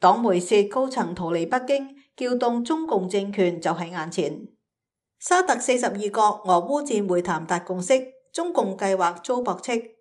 黨媒洩高層逃離北京，撬動中共政權就喺眼前。沙特四十二國俄烏戰會談達共識，中共計劃遭駁斥。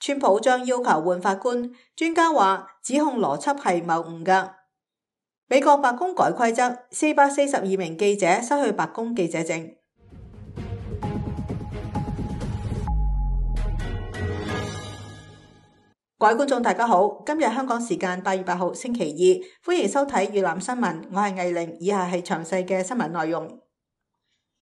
川普將要求換法官，專家話指控邏輯係謬誤噶。美國白宮改規則，四百四十二名記者失去白宮記者證。各位觀眾大家好，今日香港時間八月八號星期二，歡迎收睇粵覽新聞，我係艾凌，以下係詳細嘅新聞內容。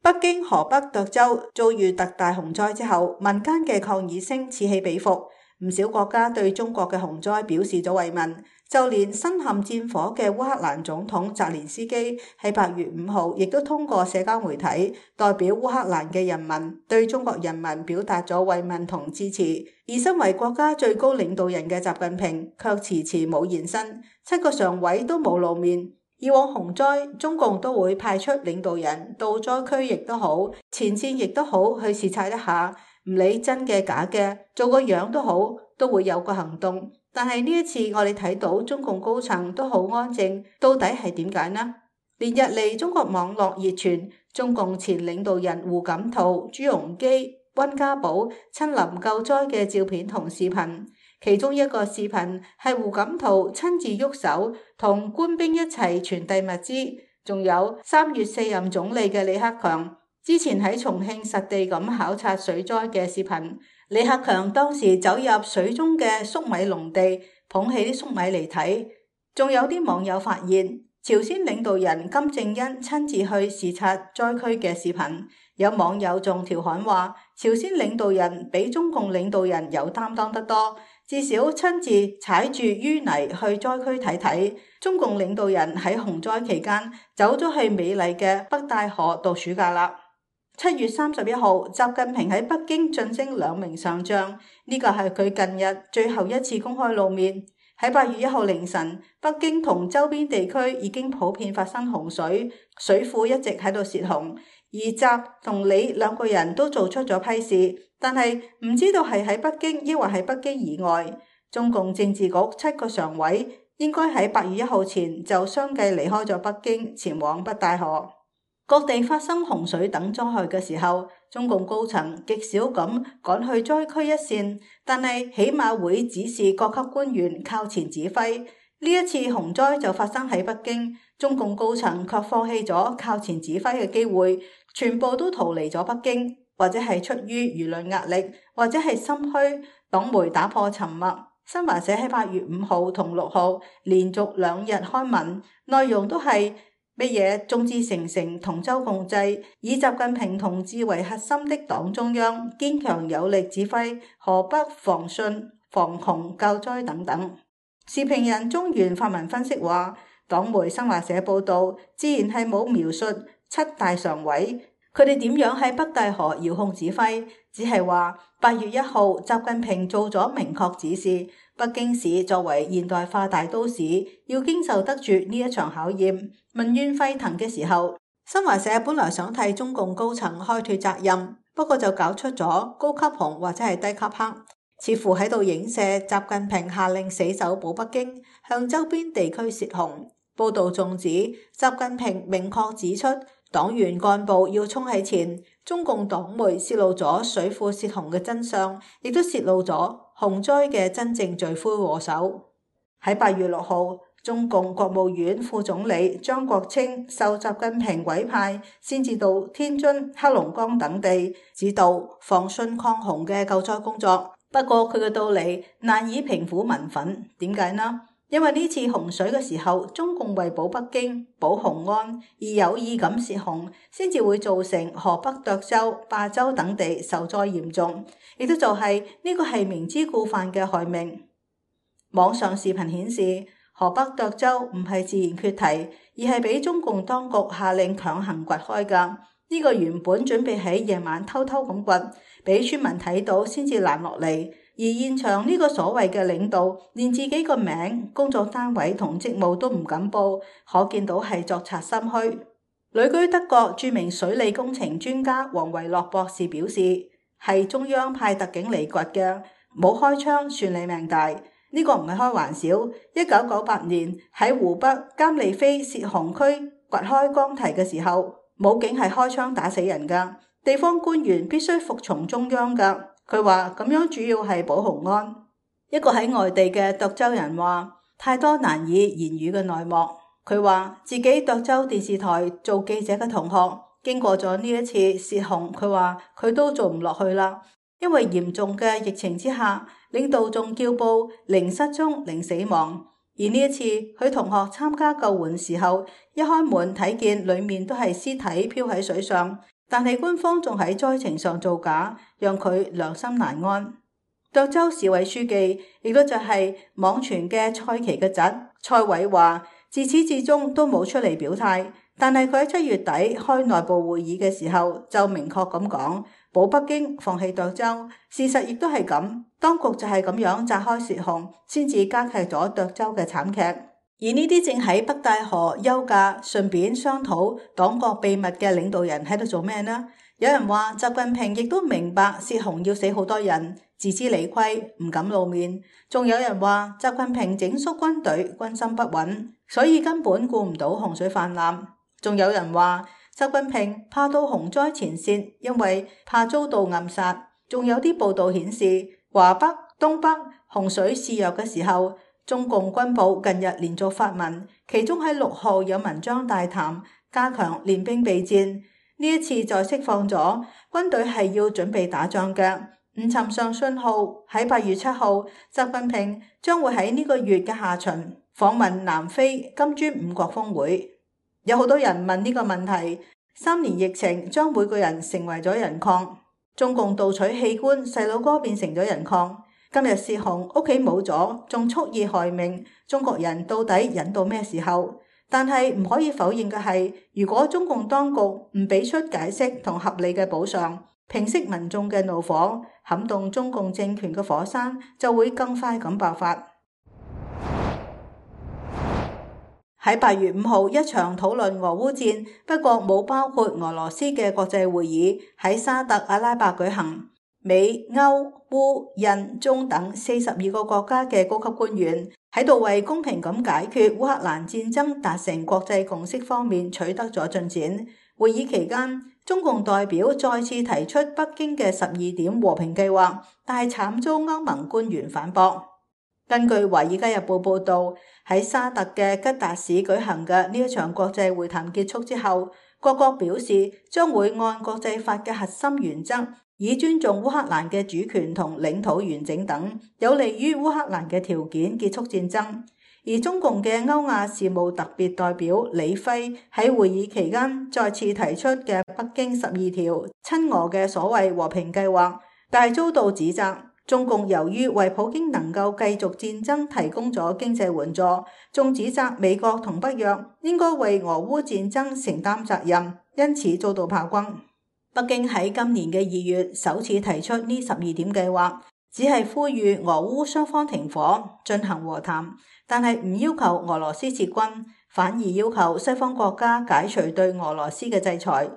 北京河北涿州遭遇特大洪災之後，民間嘅抗議聲此起彼伏，唔少國家對中國嘅洪災表示咗慰問。就連身陷戰火嘅烏克蘭總統澤連斯基喺八月五號，亦都通過社交媒體代表烏克蘭嘅人民對中國人民表達咗慰問同支持。而身為國家最高領導人嘅習近平，卻遲遲冇現身，七個常委都冇露面。以往洪災，中共都會派出領導人到災區，亦都好，前線亦都好，去視察一下，唔理真嘅假嘅，做個樣都好，都會有個行動。但係呢一次，我哋睇到中共高層都好安靜，到底係點解呢？連日嚟，中國網絡熱傳中共前領導人胡錦濤、朱鎔基、溫家寶親臨救災嘅照片同視頻，其中一個視頻係胡錦濤親自喐手同官兵一齊傳遞物資，仲有三月四任總理嘅李克強之前喺重慶實地咁考察水災嘅視頻。李克強當時走入水中嘅粟米農地，捧起啲粟米嚟睇。仲有啲網友發現朝鮮領導人金正恩親自去視察災區嘅視頻。有網友仲調侃話：朝鮮領導人比中共領導人有擔當得多，至少親自踩住淤泥去災區睇睇。中共領導人喺洪災期間走咗去美麗嘅北戴河度暑假啦。七月三十一號，習近平喺北京晉升兩名上將，呢個係佢近日最後一次公開露面。喺八月一號凌晨，北京同周邊地區已經普遍發生洪水，水庫一直喺度泄洪。而習同李兩個人都做出咗批示，但係唔知道係喺北京抑或喺北京以外，中共政治局七個常委應該喺八月一號前就相繼離開咗北京，前往北戴河。各地發生洪水等災害嘅時候，中共高層極少咁趕去災區一線，但係起碼會指示各級官員靠前指揮。呢一次洪災就發生喺北京，中共高層卻放棄咗靠前指揮嘅機會，全部都逃離咗北京，或者係出於輿論壓力，或者係心虛，黨媒打破沉默。新華社喺八月五號同六號連續兩日刊文，內容都係。乜嘢眾志成城同舟共濟？以習近平同志為核心的黨中央堅強有力指揮，河北防汛、防洪、救災等等。時評人中原發文分析話，黨媒新華社報道，自然係冇描述七大常委佢哋點樣喺北戴河遙控指揮，只係話八月一號習近平做咗明確指示。北京市作為現代化大都市，要經受得住呢一場考驗。民怨沸騰嘅時候，新華社本來想替中共高層開脱責任，不過就搞出咗高級紅或者係低級黑，似乎喺度影射習近平下令死守保北京，向周邊地區泄洪。報導仲指，習近平明確指出，黨員幹部要衝喺前。中共黨媒泄露咗水庫泄洪嘅真相，亦都泄露咗，洪災嘅真正罪魁禍首。喺八月六號，中共國務院副總理張國清受習近平委派，先至到天津、黑龍江等地指導防汛抗洪嘅救災工作。不過佢嘅到嚟難以平撫民憤，點解呢？因為呢次洪水嘅時候，中共為保北京、保雄安而有意咁泄洪，先至會造成河北涿州、霸州等地受災嚴重。亦都就係呢個係明知故犯嘅害命。網上視頻顯示，河北涿州唔係自然決堤，而係俾中共當局下令強行掘開噶。呢個原本準備喺夜晚偷偷咁掘，俾村民睇到先至攔落嚟。而現場呢個所謂嘅領導，連自己個名、工作單位同職務都唔敢報，可見到係作賊心虛。旅居德國著名水利工程專家王維洛博士表示。係中央派特警嚟掘嘅，冇開槍算你命大。呢、這個唔係開玩笑。一九九八年喺湖北監利飛涉洪區掘開江堤嘅時候，武警係開槍打死人噶。地方官員必須服從中央噶。佢話咁樣主要係保平安。一個喺外地嘅涿州人話，太多難以言語嘅內幕。佢話自己涿州電視台做記者嘅同學。經過咗呢一次洩洪，佢話佢都做唔落去啦，因為嚴重嘅疫情之下，領導仲叫報零失蹤零死亡，而呢一次佢同學參加救援時候，一開門睇見裏面都係屍體漂喺水上，但係官方仲喺災情上造假，讓佢良心難安。涿州市委書記亦都就係網傳嘅蔡奇嘅侄蔡偉話，自始至終都冇出嚟表態。但係佢喺七月底開內部會議嘅時候就明確咁講保北京，放棄涿州。事實亦都係咁，當局就係咁樣炸開泄洪，先至加劇咗涿州嘅慘劇。而呢啲正喺北戴河休假，順便商討黨國秘密嘅領導人喺度做咩呢？有人話習近平亦都明白泄洪要死好多人，自知理虧唔敢露面。仲有人話習近平整肅軍隊，軍心不穩，所以根本顧唔到洪水氾濫。仲有人話習近平怕到洪災前線，因為怕遭到暗殺。仲有啲報道顯示，華北、東北洪水肆虐嘅時候，中共軍部近日連續發文，其中喺六號有文章大談加強練兵備戰。呢一次就釋放咗軍隊係要準備打仗嘅。五尋上信號喺八月七號，習近平將會喺呢個月嘅下旬訪問南非金磚五國峰會。有好多人問呢個問題：三年疫情將每個人成為咗人礦，中共盜取器官，細佬哥變成咗人礦。今日洩洪，屋企冇咗，仲蓄意害命，中國人到底忍到咩時候？但係唔可以否認嘅係，如果中共當局唔俾出解釋同合理嘅補償，平息民眾嘅怒火，撼動中共政權嘅火山就會更快咁爆發。喺八月五號，一場討論俄烏戰不過冇包括俄羅斯嘅國際會議喺沙特阿拉伯舉行。美、歐、烏、印、中等四十二個國家嘅高級官員喺度為公平咁解決烏克蘭戰爭達成國際共識方面取得咗進展。會議期間，中共代表再次提出北京嘅十二點和平計劃，但係慘遭歐盟官員反駁。根據《華爾街日報》報道，喺沙特嘅吉達市舉行嘅呢一場國際會談結束之後，各國表示將會按國際法嘅核心原則，以尊重烏克蘭嘅主權同領土完整等，有利於烏克蘭嘅條件結束戰爭。而中共嘅歐亞事務特別代表李輝喺會議期間再次提出嘅北京十二條親俄嘅所謂和平計劃，但遭到指責。中共由於為普京能夠繼續戰爭提供咗經濟援助，仲指責美國同北約應該為俄烏戰爭承擔責任，因此遭到炮轟。北京喺今年嘅二月首次提出呢十二點計劃，只係呼籲俄烏雙方停火進行和談，但係唔要求俄羅斯撤軍，反而要求西方國家解除對俄羅斯嘅制裁。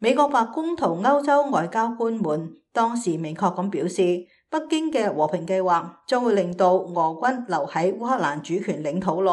美國白宮同歐洲外交官們當時明確咁表示，北京嘅和平計劃將會令到俄軍留喺烏克蘭主權領土內，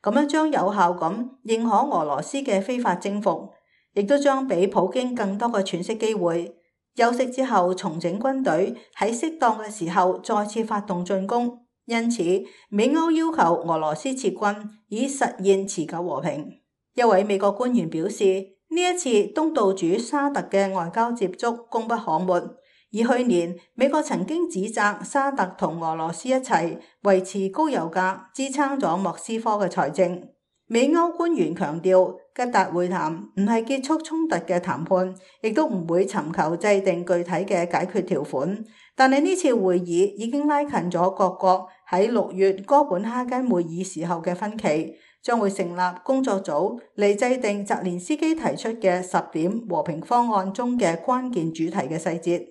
咁樣將有效咁認可俄羅斯嘅非法征服，亦都將俾普京更多嘅喘息機會，休息之後重整軍隊喺適當嘅時候再次發動進攻。因此，美歐要求俄羅斯撤軍以實現持久和平。一位美國官員表示。呢一次東道主沙特嘅外交接觸功不可沒，而去年美國曾經指責沙特同俄羅斯一齊維持高油價，支撐咗莫斯科嘅財政。美歐官員強調，吉達會談唔係結束衝突嘅談判，亦都唔會尋求制定具體嘅解決條款。但係呢次會議已經拉近咗各國喺六月哥本哈根會議時候嘅分歧。將會成立工作組嚟制定澤連斯基提出嘅十點和平方案中嘅關鍵主題嘅細節。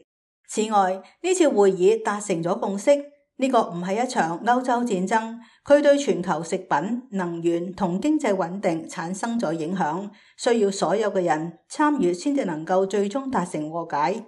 此外，呢次會議達成咗共識，呢、這個唔係一場歐洲戰爭，佢對全球食品、能源同經濟穩定產生咗影響，需要所有嘅人參與先至能夠最終達成和解。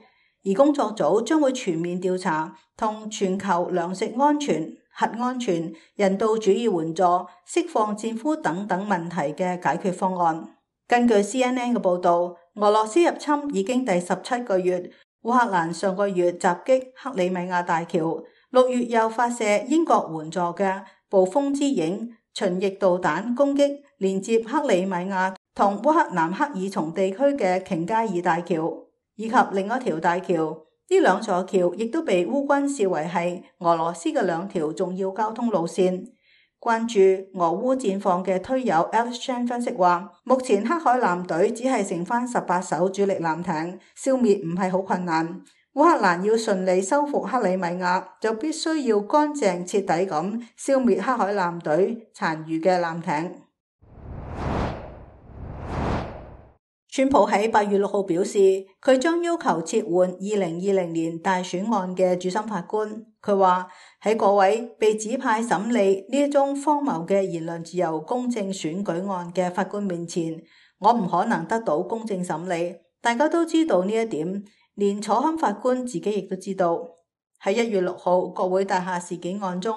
而工作組將會全面調查同全球糧食安全、核安全、人道主義援助、釋放戰俘等等問題嘅解決方案。根據 CNN 嘅報導，俄羅斯入侵已經第十七個月，烏克蘭上個月襲擊克里米亞大橋，六月又發射英國援助嘅暴風之影巡弋導彈攻擊連接克里米亞同烏克蘭克爾松地區嘅瓊加爾大橋，以及另一條大橋。呢兩座橋亦都被烏軍視為係俄羅斯嘅兩條重要交通路線。關注俄烏戰況嘅推友 Alexan 分析話，目前黑海艦隊只係剩翻十八艘主力艦艇，消滅唔係好困難。烏克蘭要順利收復克里米亞，就必須要乾淨徹底咁消滅黑海艦隊殘餘嘅艦艇。川普喺八月六號表示，佢將要求撤換二零二零年大選案嘅主審法官。佢話喺嗰位被指派審理呢一宗荒謬嘅言論自由、公正選舉案嘅法官面前，我唔可能得到公正審理。大家都知道呢一點，連楚欽法官自己亦都知道。喺一月六號國會大廈事件案中。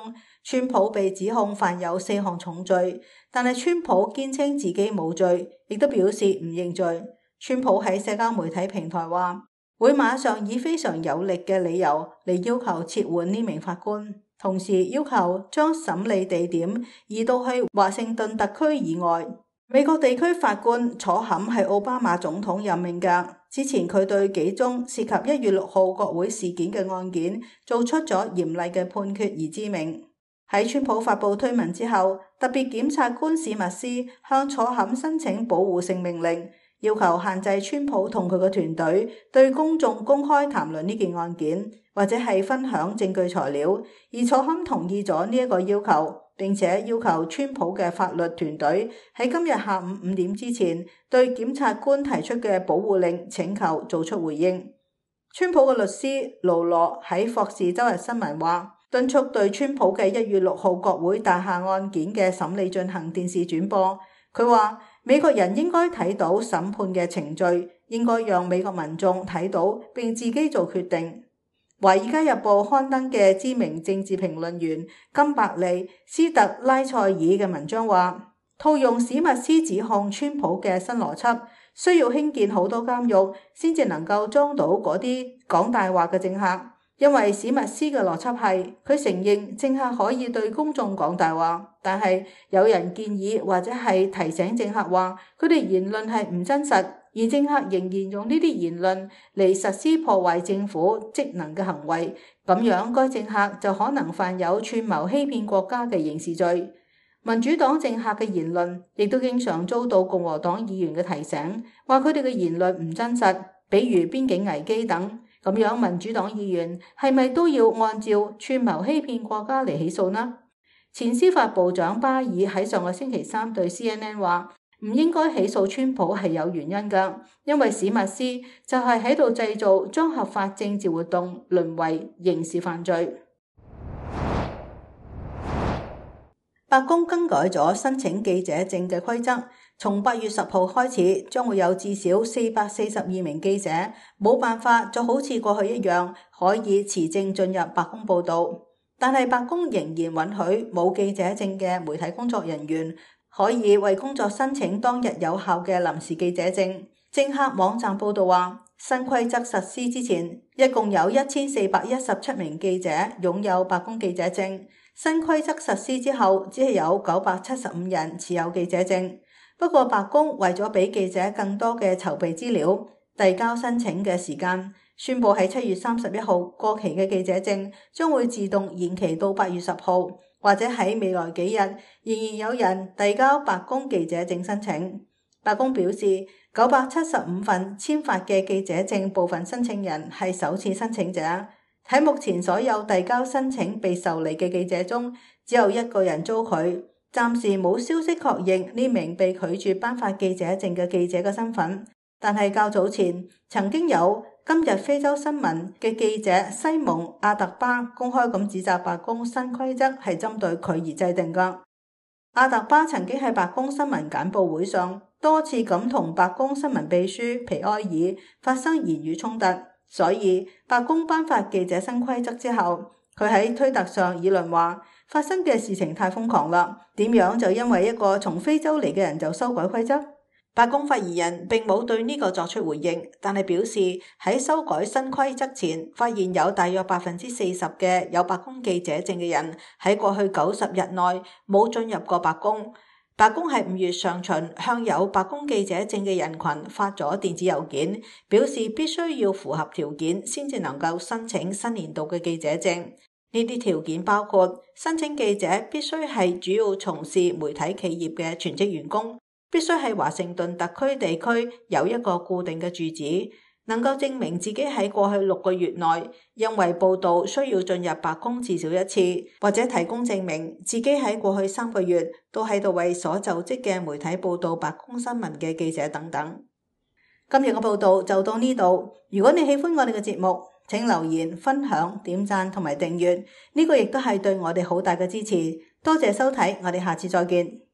川普被指控犯有四項重罪，但係川普堅稱自己冇罪，亦都表示唔認罪。川普喺社交媒體平台話會馬上以非常有力嘅理由嚟要求撤換呢名法官，同時要求將審理地點移到去華盛頓特區以外。美國地區法官楚坎係奧巴馬總統任命嘅，之前佢對幾宗涉及一月六號國會事件嘅案件做出咗嚴厲嘅判決而知名。喺川普發佈推文之後，特別檢察官史密斯向楚坎申請保護性命令，要求限制川普同佢嘅團隊對公眾公開談論呢件案件或者係分享證據材料。而楚坎同意咗呢一個要求，並且要求川普嘅法律團隊喺今日下午五點之前對檢察官提出嘅保護令請求做出回應。川普嘅律師勞洛喺霍士周日新聞話。敦促對川普嘅一月六號國會大廈案件嘅審理進行電視轉播。佢話美國人應該睇到審判嘅程序，應該讓美國民眾睇到，並自己做決定。《華爾街日報》刊登嘅知名政治評論員金伯利·斯特拉塞爾嘅文章話，套用史密斯指控川普嘅新邏輯，需要興建好多監獄，先至能夠裝到嗰啲講大話嘅政客。因為史密斯嘅邏輯係，佢承認政客可以對公眾講大話，但係有人建議或者係提醒政客話，佢哋言論係唔真實，而政客仍然用呢啲言論嚟實施破壞政府職能嘅行為，咁樣該政客就可能犯有串謀欺騙國家嘅刑事罪。民主黨政客嘅言論亦都經常遭到共和黨議員嘅提醒，話佢哋嘅言論唔真實，比如邊境危機等。咁樣民主黨議員係咪都要按照串謀欺騙國家嚟起訴呢？前司法部長巴爾喺上個星期三對 CNN 話唔應該起訴川普係有原因㗎，因為史密斯就係喺度製造將合法政治活動淪為刑事犯罪。白宮更改咗申請記者證嘅規則。從八月十號開始，將會有至少四百四十二名記者冇辦法就好似過去一樣可以持證進入白宮報導，但係白宮仍然允許冇記者證嘅媒體工作人員可以為工作申請當日有效嘅臨時記者證。政客網站報道話，新規則實施之前，一共有一千四百一十七名記者擁有白宮記者證，新規則實施之後，只係有九百七十五人持有記者證。不過，白宮為咗俾記者更多嘅籌備資料，遞交申請嘅時間宣佈喺七月三十一號過期嘅記者證將會自動延期到八月十號，或者喺未來幾日仍然有人遞交白宮記者證申請。白宮表示，九百七十五份簽發嘅記者證，部分申請人係首次申請者。喺目前所有遞交申請被受理嘅記者中，只有一個人遭拒。暫時冇消息確認呢名被拒絕頒發記者證嘅記者嘅身份，但係較早前曾經有今日非洲新聞嘅記者西蒙阿特巴公開咁指責白宮新規則係針對佢而制定㗎。阿特巴曾經喺白宮新聞簡報會上多次咁同白宮新聞秘書皮埃爾發生言語衝突，所以白宮頒發記者新規則之後，佢喺推特上議論話。發生嘅事情太瘋狂啦！點樣就因為一個從非洲嚟嘅人就修改規則？白宮發言人並冇對呢個作出回應，但係表示喺修改新規則前，發現有大約百分之四十嘅有白宮記者證嘅人喺過去九十日內冇進入過白宮。白宮係五月上旬向有白宮記者證嘅人群發咗電子郵件，表示必須要符合條件先至能夠申請新年度嘅記者證。呢啲條件包括：申請記者必須係主要從事媒體企業嘅全職員工，必須喺華盛頓特區地區有一個固定嘅住址，能夠證明自己喺過去六個月內因為報道需要進入白宮至少一次，或者提供證明自己喺過去三個月都喺度為所就職嘅媒體報道白宮新聞嘅記者等等。今日嘅報道就到呢度。如果你喜歡我哋嘅節目，請留言、分享、點讚同埋訂閱，呢個亦都係對我哋好大嘅支持。多謝收睇，我哋下次再見。